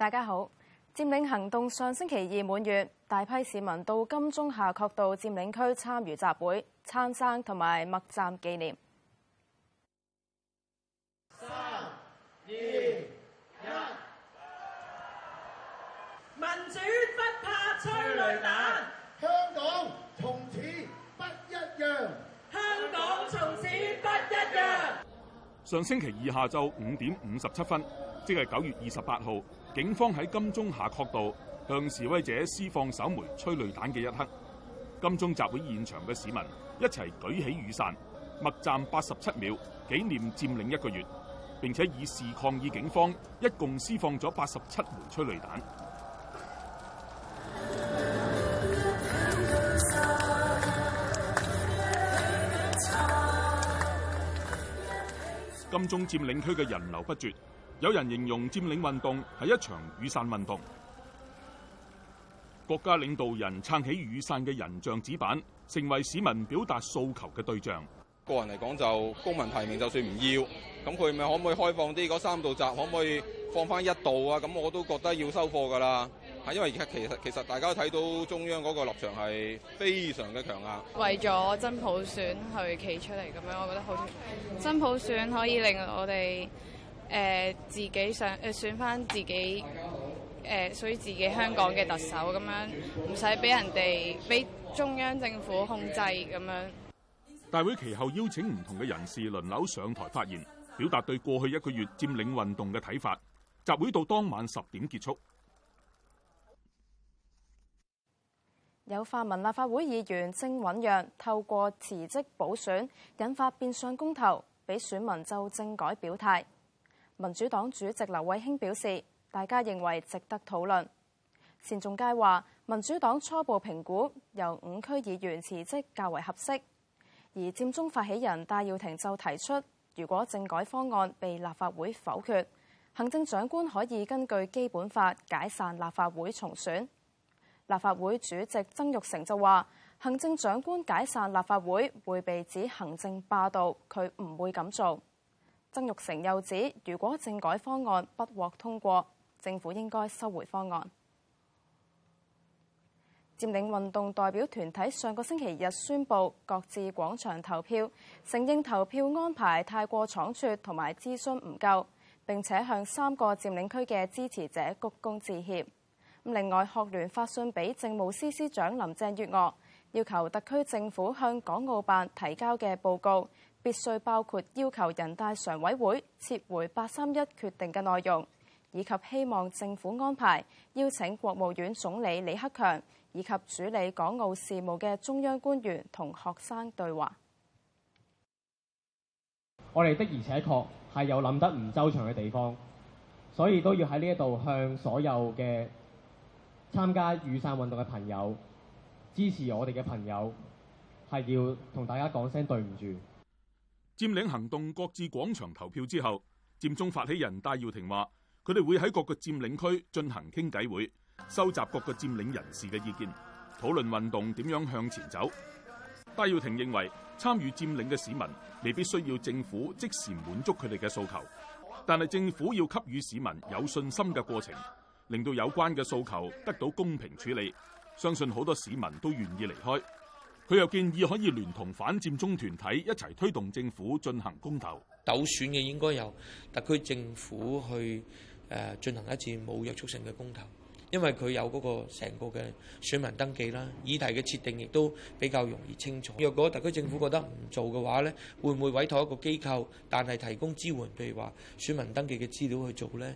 大家好！佔領行動上星期二滿月，大批市民到金鐘夏慤道佔領區參與集會、撐傘同埋默站紀念。三二一！民主不怕催淚彈，香港從此不一樣，香港從此不一樣，不一樣。上星期二下晝五點五十七分。即係九月二十八號，警方喺金鐘夏愨道向示威者施放首枚催淚彈嘅一刻，金鐘集會現場嘅市民一齊舉起雨傘，默站八十七秒，紀念佔領一個月，並且以示抗議警方一共施放咗八十七枚催淚彈。金鐘佔領區嘅人流不絕。有人形容佔領運動係一場雨傘運動，國家領導人撐起雨傘嘅人像紙板，成為市民表達訴求嘅對象。個人嚟講，就公民提名就算唔要，咁佢咪可唔可以開放啲嗰三道閘，可唔可以放翻一道啊？咁我都覺得要收貨㗎喇，係因為其實其實其實大家睇到中央嗰個立場係非常嘅強硬。為咗真普選去企出嚟咁樣，我覺得好真普選可以令我哋。誒、呃、自己想誒、呃、選返自己誒，屬、呃、於自己香港嘅特首咁樣，唔使俾人哋俾中央政府控制咁樣。大會其後邀請唔同嘅人士輪流上台發言，表達對過去一個月佔領運動嘅睇法。集會到當晚十點結束。有泛民立法會議員正醞釀透過辭職補選，引發變相公投，俾選民就政改表態。民主黨主席劉慧卿表示，大家認為值得討論。前仲佳話，民主黨初步評估由五區議員辭職較為合適。而佔中發起人戴耀廷就提出，如果政改方案被立法會否決，行政長官可以根據基本法解散立法會重選。立法會主席曾鈺成就話，行政長官解散立法會會被指行政霸道，佢唔會咁做。曾鈺成又指，如果政改方案不獲通過，政府應該收回方案。佔領運動代表團體上個星期日宣布，擱置廣場投票，承認投票安排太過倉促同埋諮詢唔夠，並且向三個佔領區嘅支持者鞠躬致歉。另外，學聯發信俾政務司司長林鄭月娥，要求特區政府向港澳辦提交嘅報告。必須包括要求人大常委會撤回八三一決定嘅內容，以及希望政府安排邀請國務院總理李克強以及處理港澳事務嘅中央官員同學生對話。我哋的而且確係有諗得唔周詳嘅地方，所以都要喺呢一度向所有嘅參加雨傘運動嘅朋友、支持我哋嘅朋友，係要同大家講聲對唔住。佔領行動擱置廣場投票之後，佔中發起人戴耀廷話：佢哋會喺各個佔領區進行傾偈會，收集各個佔領人士嘅意見，討論運動點樣向前走。戴耀廷認為，參與佔領嘅市民未必需要政府即時滿足佢哋嘅訴求，但係政府要給予市民有信心嘅過程，令到有關嘅訴求得到公平處理。相信好多市民都願意離開。佢又建議可以聯同反佔中團體一齊推動政府進行公投，首選嘅應該由特區政府去誒進行一次冇約束性嘅公投，因為佢有嗰個成個嘅選民登記啦，議題嘅設定亦都比較容易清楚。若果特區政府覺得唔做嘅話呢，會唔會委託一個機構，但係提供支援，譬如話選民登記嘅資料去做呢？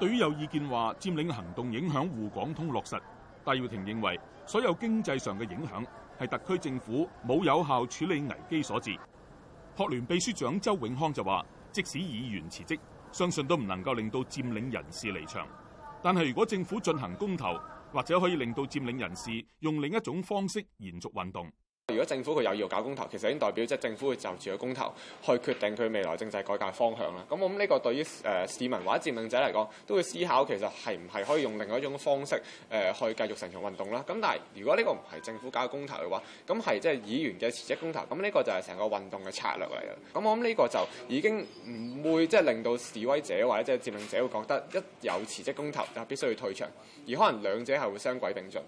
對於有意見話佔領行動影響滬港通落實，戴耀廷認為所有經濟上嘅影響。係特區政府冇有效處理危機所致。學聯秘書長周永康就話，即使議員辭職，相信都唔能夠令到佔領人士離場。但係如果政府進行公投，或者可以令到佔領人士用另一種方式延續運動。如果政府佢有意搞公投，其實已經代表即係政府會就住個公投去決定佢未來政制改革方向啦。咁我諗呢個對於誒、呃、市民或者佔領者嚟講，都會思考其實係唔係可以用另外一種方式誒、呃、去繼續成場運動啦。咁但係如果呢個唔係政府搞公投嘅話，咁係即係議員嘅辭職公投。咁呢個就係成個運動嘅策略嚟嘅。咁我諗呢個就已經唔會即係令到示威者或者即係佔領者會覺得一有辭職公投就必須要退場，而可能兩者係會相軌並進。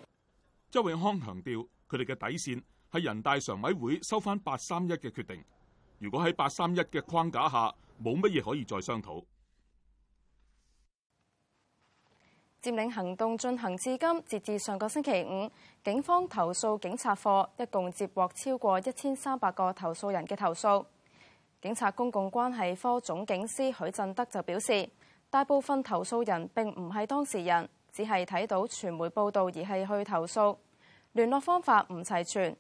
周永康強調佢哋嘅底線。喺人大常委會收翻八三一嘅決定。如果喺八三一嘅框架下冇乜嘢可以再商討。佔領行動進行至今，截至上個星期五，警方投訴警察課一共接獲超過一千三百個投訴人嘅投訴。警察公共關係科總警司許振德就表示，大部分投訴人並唔係當事人，只係睇到傳媒報道而係去投訴，聯絡方法唔齊全。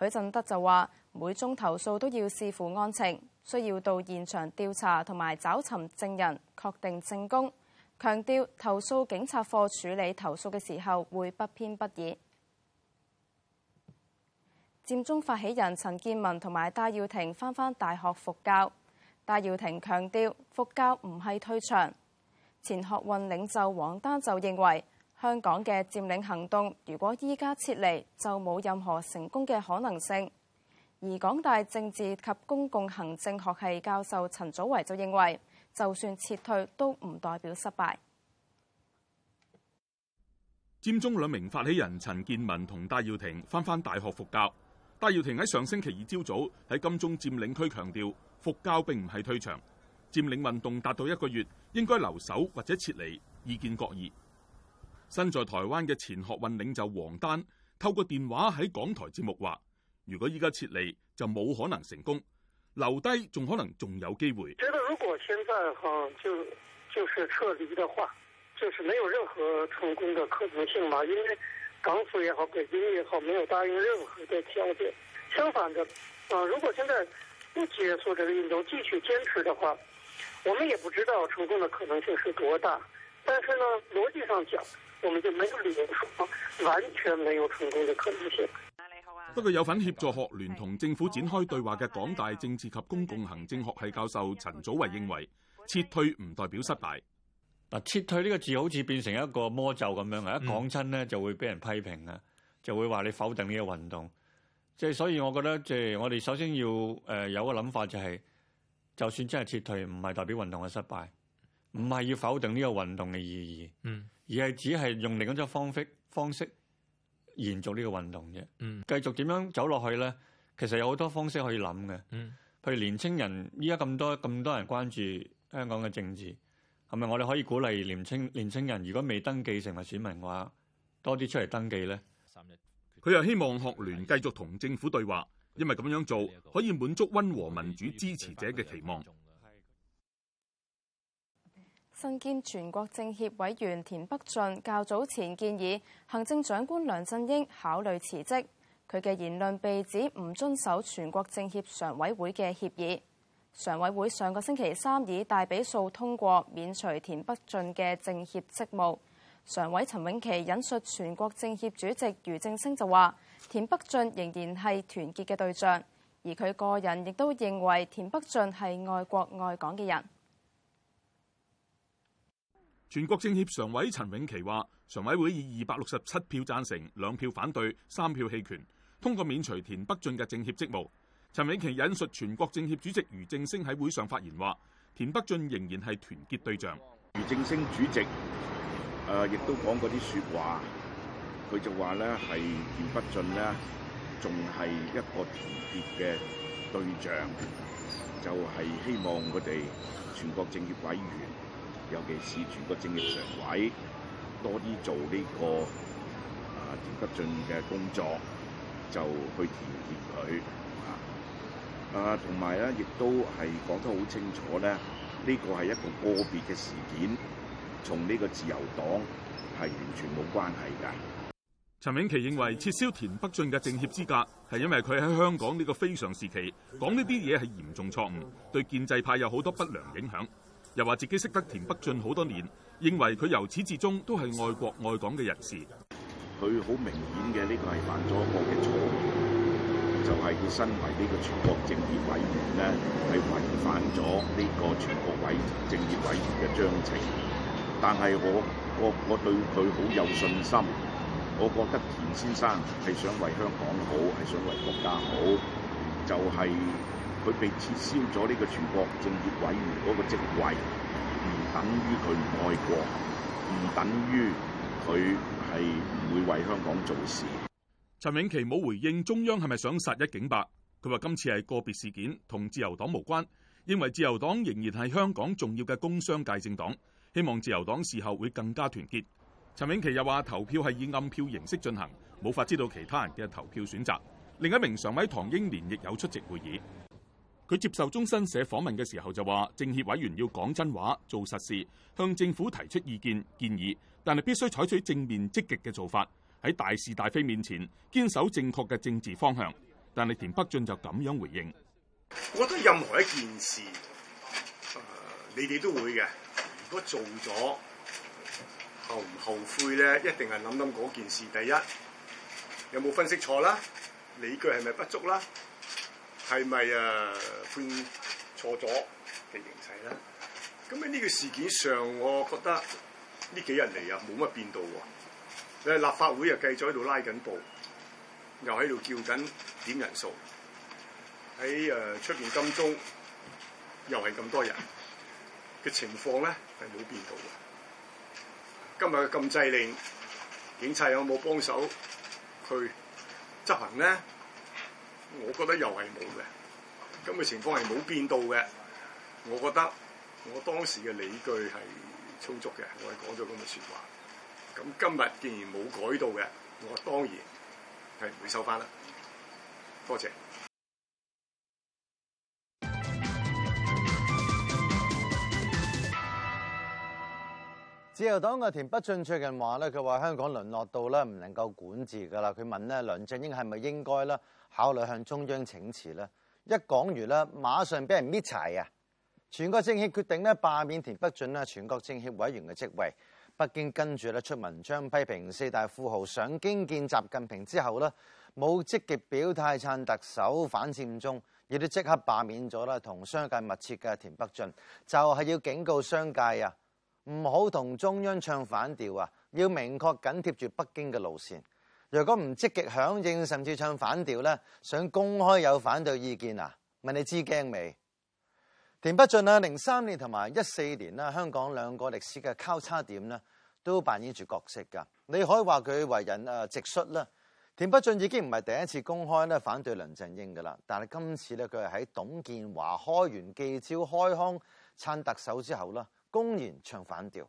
許振德就話：每宗投訴都要視乎案情，需要到現場調查同埋找尋證人，確定證供。強調投訴警察課處理投訴嘅時候會不偏不倚。佔中發起人陳建文同埋戴耀廷返返大學復教，戴耀廷強調復教唔係退場。前學運領袖王丹就認為，香港嘅佔領行動，如果依家撤離，就冇任何成功嘅可能性。而港大政治及公共行政學系教授陳祖為就認為，就算撤退都唔代表失敗。佔中兩名發起人陳健民同戴耀廷翻返大學復教。戴耀廷喺上星期二朝早喺金鐘佔領區強調，復教並唔係退場。佔領運動達到一個月，應該留守或者撤離，意見各異。身在台灣嘅前學運領袖王丹透過電話喺港台節目話：如果依家撤離就冇可能成功，留低仲可能仲有機會。覺得如果現在哈就就是撤離的話，就是沒有任何成功的可能性嘛，因為港府也好，北京也好，沒有答應任何的條件。相反的，啊，如果現在不結束這個運動，繼續堅持的話，我們也不知道成功的可能性是多大。但是呢，邏輯上講。我們就沒有理完全沒有成功的可能性。不過有份協助學聯同政府展開對話嘅港大政治及公共行政學系教授陳祖為認為，撤退唔代表失敗。嗯、撤退呢個字好似變成一個魔咒咁樣啊！一講親呢就會俾人批評啊，就會話你否定呢個運動。即係所以，我覺得即係我哋首先要誒有個諗法，就係就算真係撤退，唔係代表運動嘅失敗。唔係要否定呢個運動嘅意義，嗯、而係只係用另一種方式方式延續呢個運動啫。嗯、繼續點樣走落去咧？其實有好多方式可以諗嘅。嗯、譬如年青人依家咁多咁多人關注香港嘅政治，係咪我哋可以鼓勵年青年青人如果未登記成為選民嘅話，多啲出嚟登記咧？佢又希望學聯繼續同政府對話，因為咁樣做可以滿足溫和民主支持者嘅期望。身兼全國政協委員田北俊較早前建議行政長官梁振英考慮辭職，佢嘅言論被指唔遵守全國政協常委會嘅協議。常委會上個星期三以大比數通過免除田北俊嘅政協職務。常委陳永琪引述全國政協主席俞正聲就話：田北俊仍然係團結嘅對象，而佢個人亦都認為田北俊係愛國愛港嘅人。全國政協常委陳永琪話，常委會以二百六十七票贊成，兩票反對，三票棄權，通過免除田北俊嘅政協職務。陳永琪引述全國政協主席俞正聲喺會上發言話，田北俊仍然係團結對象。俞正聲主席，呃、亦都講過啲説話，佢就話咧係田北俊呢，仲係一個團結嘅對象，就係、是、希望佢哋全國政協委員。尤其是全國政協常委，多啲做呢個啊田北俊嘅工作，就去調節佢啊，同埋咧亦都係講得好清楚咧，呢個係一個個別嘅事件，同呢個自由黨係完全冇關係㗎。陳永琪認為撤銷田北俊嘅政協資格係因為佢喺香港呢個非常時期講呢啲嘢係嚴重錯誤，對建制派有好多不良影響。又話自己識得田北俊好多年，認為佢由始至終都係愛國愛港嘅人士。佢好明顯嘅呢個係犯咗錯嘅錯誤，就係、是、佢身為呢個全國政協委員咧，係違反咗呢個全國委政協委員嘅章程。但係我我我對佢好有信心，我覺得田先生係想為香港好，係想為國家好，就係、是。佢被撤銷咗呢個全國政協委員嗰個職位，唔等於佢唔愛國，唔等於佢係唔會為香港做事。陳永琪冇回應中央係咪想殺一儆百。佢話今次係個別事件，同自由黨無關。認為自由黨仍然係香港重要嘅工商界政黨，希望自由黨事後會更加團結。陳永琪又話投票係以暗票形式進行，無法知道其他人嘅投票選擇。另一名常委唐英年亦有出席會議。佢接受中新社訪問嘅時候就話：政協委員要講真話、做實事，向政府提出意見建議，但係必須採取正面積極嘅做法。喺大是大非面前，堅守正確嘅政治方向。但係田北俊就咁樣回應：「我覺得任何一件事，你哋都會嘅。如果做咗，後唔後悔咧，一定係諗諗嗰件事。第一，有冇分析錯啦，理據係咪不足啦？係咪啊判錯咗嘅形勢咧？咁喺呢個事件上，我覺得呢幾日嚟啊冇乜變到喎。你立法會啊繼續喺度拉緊布，又喺度叫緊點人數，喺誒出面金鐘又係咁多人嘅情況咧係冇變到嘅。今日嘅禁制令，警察有冇幫手去執行咧？我覺得又係冇嘅，咁嘅情況係冇變到嘅。我覺得我當時嘅理據係充足嘅，我係講咗咁嘅説話。咁今日既然冇改到嘅，我當然係唔會收翻啦。多謝。自由黨嘅田北俊最近話咧，佢話香港淪落到咧唔能夠管治噶啦。佢問咧梁振英係咪應該咧？考慮向中央請辭啦，一講完啦，馬上俾人搣柴啊！全國政協決定咧，罷免田北俊咧全國政協委員嘅職位。北京跟住咧出文章批評四大富豪上京見習近平之後咧，冇積極表態撐特首反佔中，亦都即刻罷免咗啦。同商界密切嘅田北俊，就係要警告商界啊，唔好同中央唱反調啊，要明確緊貼住北京嘅路線。如果唔積極響應，甚至唱反調呢，想公開有反對意見啊？問你知驚未？田北俊啦，零三年同埋一四年啦，香港兩個歷史嘅交叉點呢，都扮演住角色噶。你可以話佢為人誒直率啦。田北俊已經唔係第一次公開咧反對梁振英噶啦，但係今次咧佢係喺董建華開完記者會開腔撐特首之後咧，公然唱反調。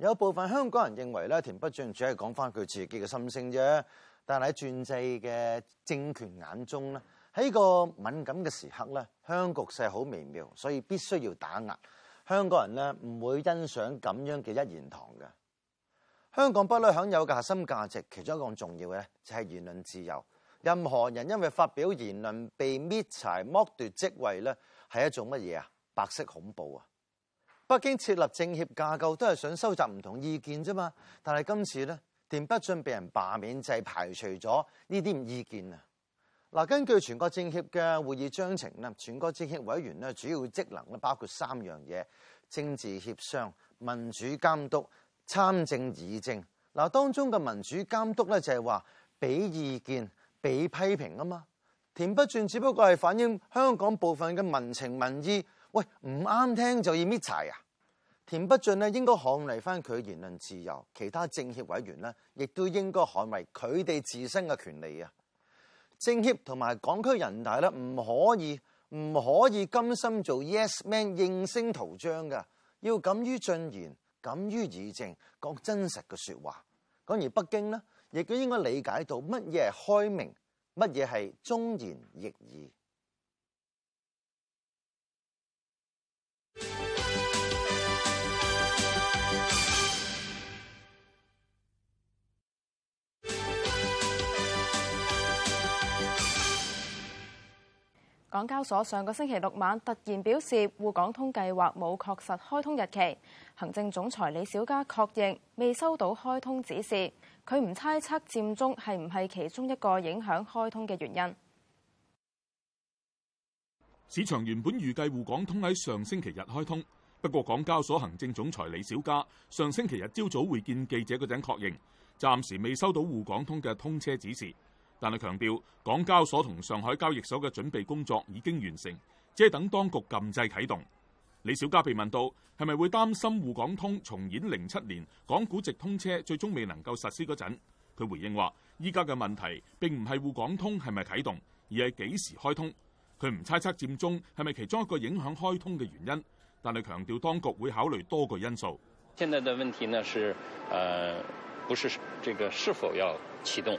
有部分香港人認為咧，田北俊只係講翻佢自己嘅心聲啫。但係喺專制嘅政權眼中咧，喺個敏感嘅時刻咧，香港局勢好微妙，所以必須要打壓香港人咧，唔會欣賞咁樣嘅一言堂嘅。香港不嬲享有嘅核心價值，其中一個重要嘅咧，就係言論自由。任何人因為發表言論被搣柴剝奪職位咧，係一種乜嘢啊？白色恐怖啊！北京設立政協架構都係想收集唔同意見啫嘛，但係今次咧，田北俊被人罷免就係排除咗呢啲意見啊！嗱，根據全國政協嘅會議章程啦，全國政協委員咧，主要職能咧，包括三樣嘢：政治協商、民主監督、參政議政。嗱，當中嘅民主監督咧，就係話俾意見、俾批評啊嘛。田北俊只不過係反映香港部分嘅民情民意。喂，唔啱聽就要搣柴啊！田北俊咧應該捍衛翻佢言論自由，其他政協委員呢亦都應該捍衛佢哋自身嘅權利啊！政協同埋港區人大咧唔可以唔可以甘心做 yes man 應聲圖章噶，要敢於進言，敢於議政，講真實嘅說話。咁而北京呢，亦都應該理解到乜嘢係開明，乜嘢係忠言逆耳。港交所上個星期六晚突然表示，滬港通計劃冇確實開通日期。行政總裁李小加確認未收到開通指示，佢唔猜測佔中係唔係其中一個影響開通嘅原因。市場原本預計滬港通喺上星期日開通，不過港交所行政總裁李小加上星期日朝早會見記者嗰陣，確認，暫時未收到滬港通嘅通車指示。但係強調，港交所同上海交易所嘅準備工作已經完成，即係等當局禁制啟動。李小加被問到係咪會擔心滬港通重演零七年港股直通車最終未能夠實施嗰陣，佢回應話：依家嘅問題並唔係滬港通係咪啟動，而係幾時開通。佢唔猜測佔中係咪其中一個影響開通嘅原因，但係強調當局會考慮多個因素。現在嘅問題呢是，呃，不是這個是否要啟動，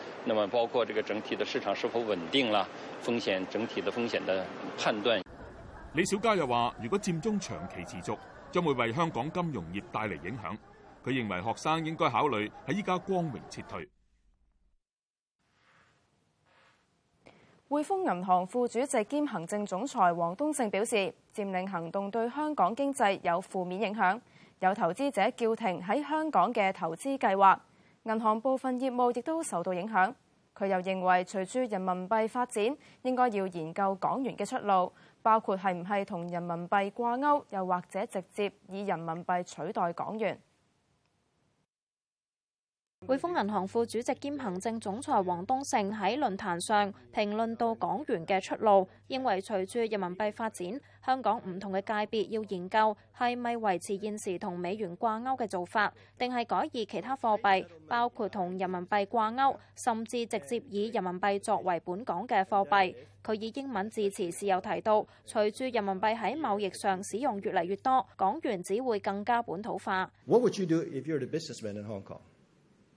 那麼包括這個整體的市場是否穩定啦，風險，整體的風險的判斷。李小加又話，如果佔中長期持續，將會為香港金融業帶嚟影響。佢認為學生應該考慮喺依家光明撤退。匯豐銀行副主席兼行政總裁王冬勝表示，佔領行動對香港經濟有負面影響，有投資者叫停喺香港嘅投資計劃。銀行部分業務亦都受到影響。佢又認為，隨住人民幣發展，應該要研究港元嘅出路，包括係唔係同人民幣掛鈎，又或者直接以人民幣取代港元。匯豐銀行副主席兼行政總裁王冬勝喺論壇上評論到港元嘅出路，認為隨住人民幣發展，香港唔同嘅界別要研究係咪維持現時同美元掛鈎嘅做法，定係改以其他貨幣，包括同人民幣掛鈎，甚至直接以人民幣作為本港嘅貨幣。佢以英文致辭時有提到，隨住人民幣喺貿易上使用越嚟越多，港元只會更加本土化。What would you do if you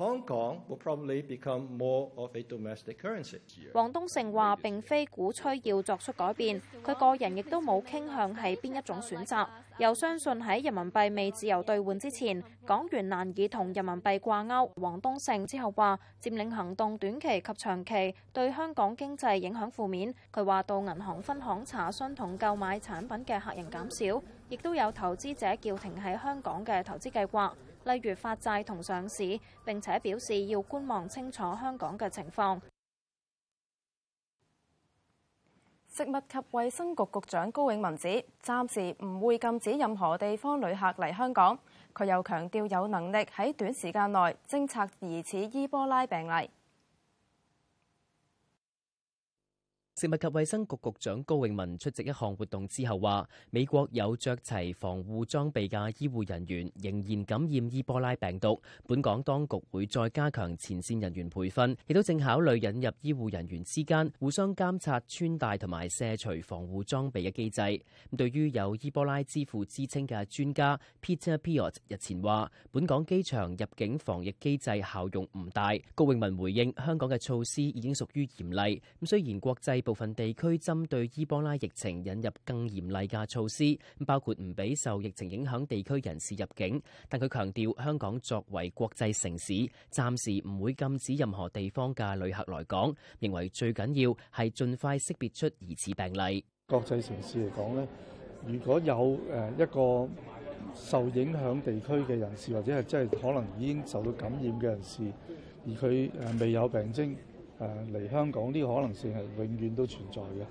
王冬勝話，並非鼓吹要作出改變，佢個人亦都冇傾向係邊一種選擇。又相信喺人民幣未自由兌換之前，港元難以同人民幣掛鈎。王冬勝之後話，佔領行動短期及長期對香港經濟影響負面。佢話到銀行分行查詢同購買產品嘅客人減少，亦都有投資者叫停喺香港嘅投資計劃。例如發債同上市，並且表示要觀望清楚香港嘅情況。食物及衛生局局長高永文指，暫時唔會禁止任何地方旅客嚟香港。佢又強調有能力喺短時間內偵察疑似伊波拉病例。食物及衛生局局長高永文出席一項活動之後話：美國有着齊防護裝備嘅醫護人員仍然感染伊波拉病毒。本港當局會再加強前線人員培訓，亦都正考慮引入醫護人員之間互相監察、穿戴同埋卸除防護裝備嘅機制。咁對於有伊波拉之父之稱嘅專家 Peter Piot 日前話：本港機場入境防疫機制效用唔大。高永文回應：香港嘅措施已經屬於嚴厲。咁雖然國際部分地區針對伊波拉疫情引入更嚴厲嘅措施，包括唔俾受疫情影響地區人士入境。但佢強調，香港作為國際城市，暫時唔會禁止任何地方嘅旅客來港。認為最緊要係盡快識別出疑似病例。國際城市嚟講呢，如果有誒一個受影響地區嘅人士，或者係即係可能已經受到感染嘅人士，而佢誒未有病徵。誒嚟香港呢個可能性係永遠都存在嘅，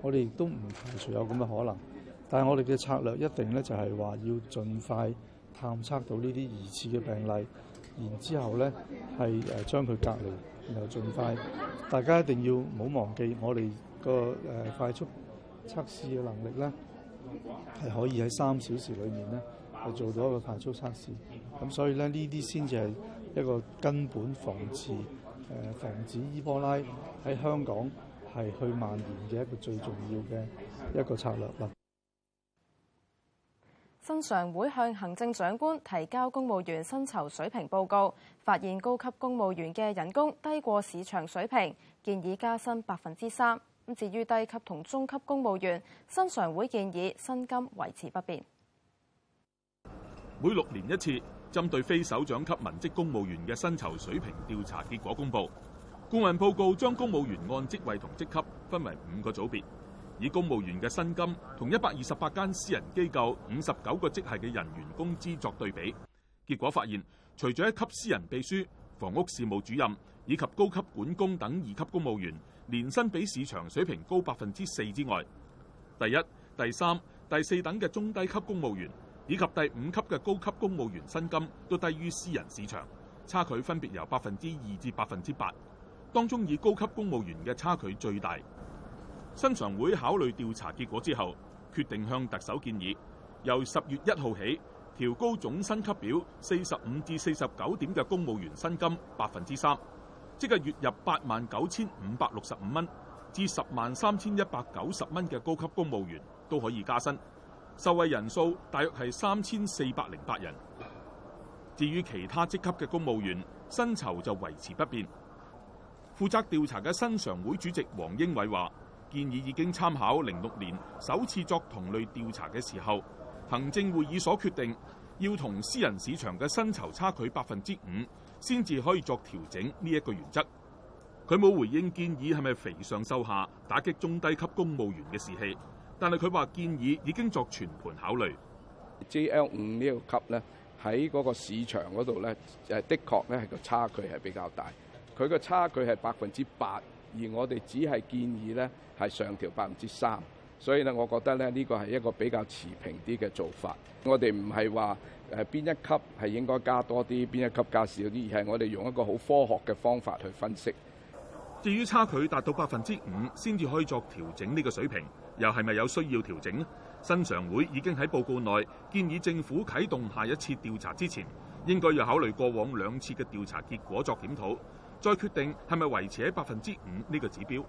我哋亦都唔排除有咁嘅可能，但係我哋嘅策略一定咧就係話要盡快探測到呢啲疑似嘅病例，然之後咧係誒將佢隔離，然後盡快，大家一定要唔好忘記我哋個誒快速測試嘅能力咧係可以喺三小時裡面咧係做到一個快速測試，咁所以咧呢啲先至係一個根本防治。呃、防止伊波拉喺香港係去蔓延嘅一個最重要嘅一個策略啦。薪常會向行政長官提交公務員薪酬水平報告，發現高級公務員嘅人工低過市場水平，建議加薪百分之三。咁至於低級同中級公務員，薪常會建議薪金維持不變，每六年一次。針對非首長級文職公務員嘅薪酬水平調查結果公佈，顧問報告將公務員按職位同職級分為五個組別，以公務員嘅薪金同一百二十八間私人機構五十九個職系嘅人員工資作對比，結果發現，除咗一級私人秘書、房屋事務主任以及高級管工等二級公務員年薪比市場水平高百分之四之外，第一、第三、第四等嘅中低級公務員，以及第五級嘅高級公務員薪金都低於私人市場，差距分別由百分之二至百分之八，當中以高級公務員嘅差距最大。薪常會考慮調查結果之後，決定向特首建議，由十月一號起調高總薪級表四十五至四十九點嘅公務員薪金百分之三，即係月入八萬九千五百六十五蚊至十萬三千一百九十蚊嘅高級公務員都可以加薪。受惠人數大約係三千四百零八人。至於其他職級嘅公務員薪酬就維持不變。負責調查嘅薪常會主席王英偉話：建議已經參考零六年首次作同類調查嘅時候，行政會議所決定要同私人市場嘅薪酬差距百分之五，先至可以作調整呢一個原則。佢冇回應建議係咪肥上瘦下，打擊中低級公務員嘅士氣。但係佢話建議已經作全盤考慮。JL 五呢個級咧，喺嗰個市場嗰度咧，誒的確咧係個差距係比較大。佢個差距係百分之八，而我哋只係建議咧係上調百分之三。所以咧，我覺得咧呢個係一個比較持平啲嘅做法。我哋唔係話誒邊一級係應該加多啲，邊一級加少啲，而係我哋用一個好科學嘅方法去分析。至於差距達到百分之五先至可以作調整呢個水平。又係咪有需要調整？薪常會已經喺報告內建議政府啟動下一次調查之前，應該要考慮過往兩次嘅調查結果作檢討，再決定係咪維持喺百分之五呢個指標。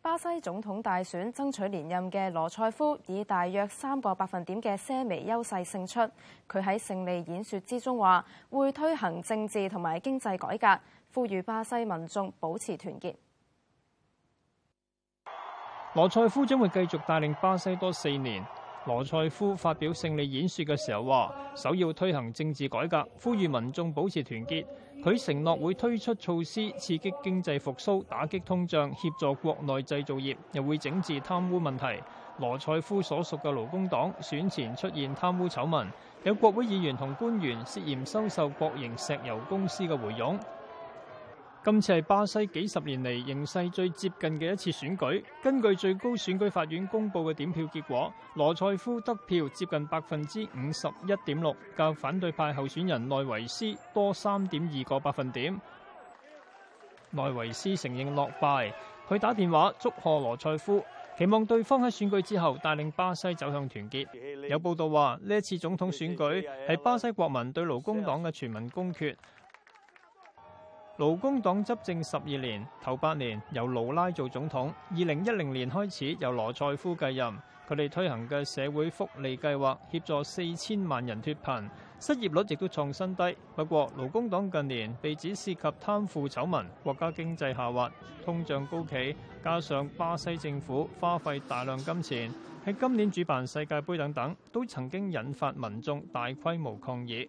巴西總統大選爭取連任嘅羅塞夫以大約三個百分點嘅些微優勢勝出。佢喺勝利演說之中話，會推行政治同埋經濟改革，呼籲巴西民眾保持團結。羅塞夫將會繼續帶領巴西多四年。羅塞夫發表勝利演說嘅時候話，首要推行政治改革，呼籲民眾保持團結。佢承諾會推出措施刺激經濟復甦、打擊通脹、協助國內製造業，又會整治貪污問題。羅塞夫所屬嘅勞工黨選前出現貪污醜聞，有國會議員同官員涉嫌收受國營石油公司嘅回佣。今次係巴西幾十年嚟形勢最接近嘅一次選舉。根據最高選舉法院公佈嘅點票結果，羅塞夫得票接近百分之五十一點六，較反對派候選人內維斯多三點二個百分點。內維斯承認落敗，佢打電話祝賀羅塞夫，期望對方喺選舉之後帶領巴西走向團結。有報道話，呢次總統選舉係巴西國民對勞工黨嘅全民公決。勞工黨執政十二年，頭八年由盧拉做總統，二零一零年開始由羅塞夫繼任。佢哋推行嘅社會福利計劃協助四千萬人脫貧，失業率亦都創新低。不過，勞工黨近年被指涉及貪腐醜聞，國家經濟下滑，通脹高企，加上巴西政府花費大量金錢喺今年主辦世界盃等等，都曾經引發民眾大規模抗議。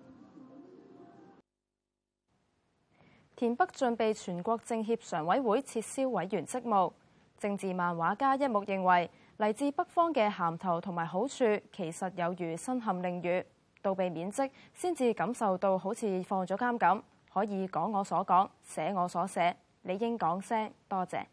田北俊被全國政協常委會撤銷委員職務。政治漫畫家一目認為，嚟自北方嘅銜頭同埋好處，其實有如身陷囹圄，到被免職先至感受到好似放咗監咁，可以講我所講，寫我所寫，理應講聲多謝。